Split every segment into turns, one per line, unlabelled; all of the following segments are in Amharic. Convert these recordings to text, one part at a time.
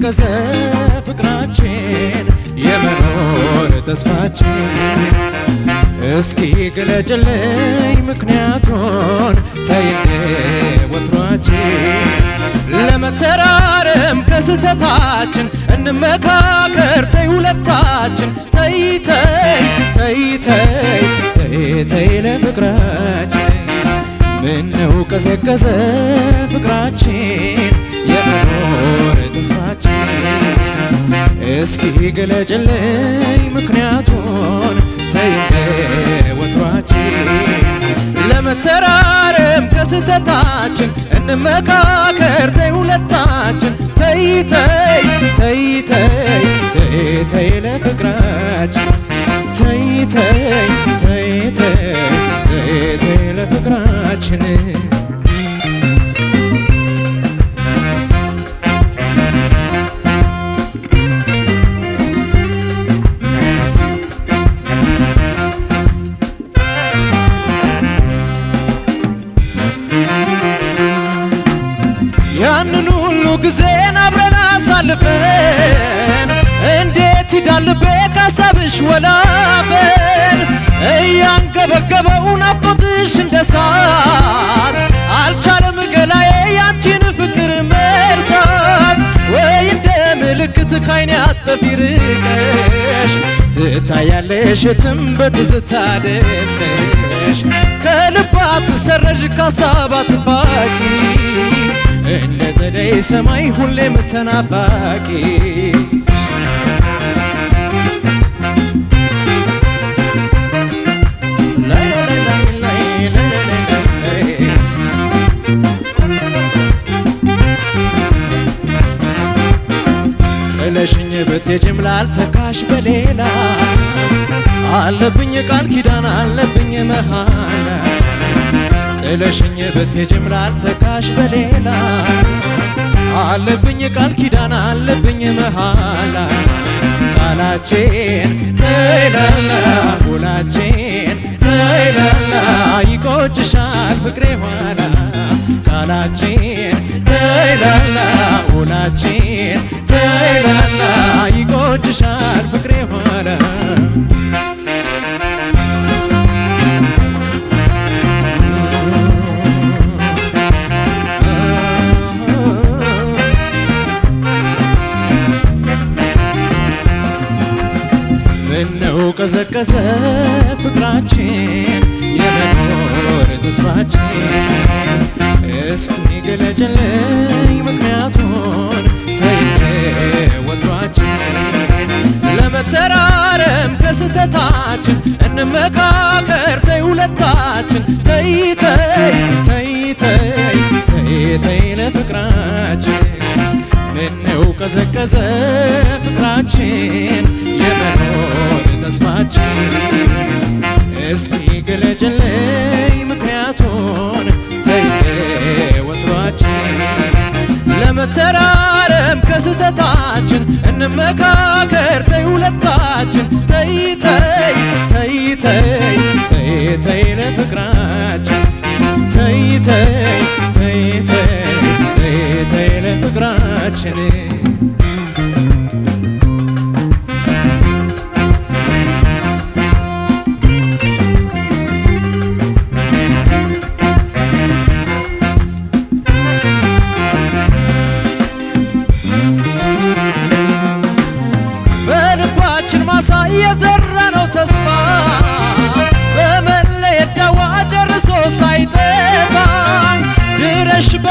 ቀዘቀዘ ፍቅራችን የመኖር ተስፋችን እስኪ ግለጭልኝ ምክንያቱን ተይኔ ወትሯችን ለመተራረም ከስተታችን እንመካከር ተይ ሁለታችን ተይ ተይ ተይ ተይ ተይ ለፍቅራችን ምነው ቀዘቀዘ ፍቅራችን የመኖር ተስፋችን እስኪ ግለጭልኝ ምክንያቱን ወትሯችን ለመተራረም ከስተታችን እንመካከር ተይ ሁለታችን ተይ ተይ ተይ ተይ ተይ ያንን ሁሉ ጊዜን አብረን አሳልፈን እንዴት ይዳልቤ ካሳብሽ ወላፈን እያንገበገበው ናፍቆትሽ እንደ ሳት አልቻለም ገላዬ ያንቺን ፍቅር መርሳት ወይ እንደ ምልክት ካይን ያጠፊ ርቀሽ ትታያለሽ የትም በትዝታ ደምሽ ከልባት ሰረዥ ካሳባት ፋቂ እንደ ጸደይ ሰማይ ሁሌም ተናፋቂ ጥለሽኝ ብትሄጂም ላልተካሽ በሌላ አለብኝ ቃል ኪዳን አለብኝ መሃላ ጥለሽኝ ብትሄጂም ላልተካሽ በሌላ አለብኝ ቃል ኪዳን አለብኝ መሃላ ቃላችን ተይላላ ውላችን ተይላላ ይቆጭሻል ፍቅሬ ኋላ ቃላችን ተይላላ ውላችን ተይላላ ይቆጭሻል ፍቅሬ ኋላ ቀዘቀዘ ፍቅራችን የመኖር ተስፋችን እስኪ ግለጭልኝ ምክንያቱን ተይነ ወትሯችን ለመተራረም ከስተታችን እንመካከር ተይ ሁለታችን ተይ ተይ ተይ ተይ ተይ ተይ ለፍቅራችን ምነው ቀዘቀዘ ፍቅራችን የመኖር ልባችን እስኪ ግለጭልኝ ምክንያቱን ለመተራረም ከስተታችን እንመካከር ተይ ሁለታችን ለፍቅራችን ለፍቅራችን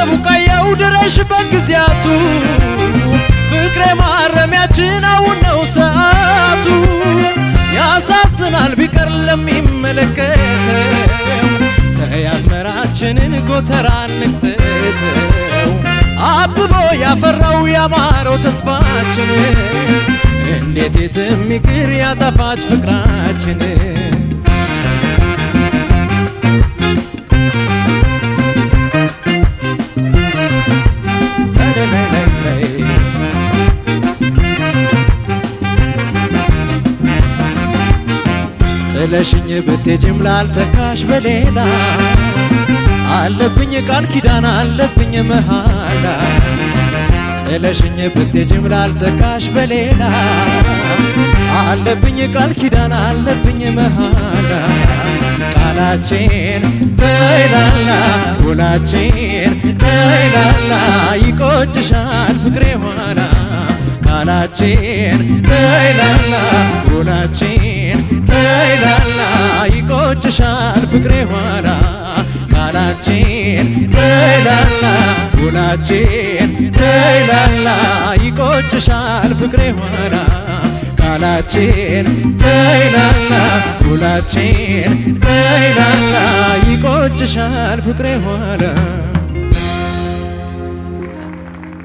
ቡቃያው ድረሽ በግዚያቱ ፍቅሬ ማረሚያችን አሁን ነው ሰዓቱ። ያሳዝናል ቢቀር ለሚመለከተው ተይ አዝመራችንን ጎተራ እንክተተው አብቦ ያፈራው ያማረው ተስፋችን እንዴት የትም ይቅር ያጣፋጭ ፍቅራችን ጥለሽኝ ብትሄጂም ላልተካሽ በሌላ አለብኝ ቃል ኪዳን አለብኝ መሃላ ጥለሽኝ ብትሄጂም ላልተካሽ በሌላ አለብኝ ቃል ኪዳን አለብኝ መሃላ ቃላችን ተይላላ ውላችን ተይላላ ይቆጭሻል ፍቅሬ ኋላ ቃላችን ተይላላ ውላችን ይወድሻል ፍቅሬ ኋላ ቃላችን ተይላላ ሁላችን ተይላላ ይቆጭሻል ፍቅሬ ኋላ ቃላችን ተይላላ ሁላችን ተይላላ ይቆጭሻል ፍቅሬ ኋላ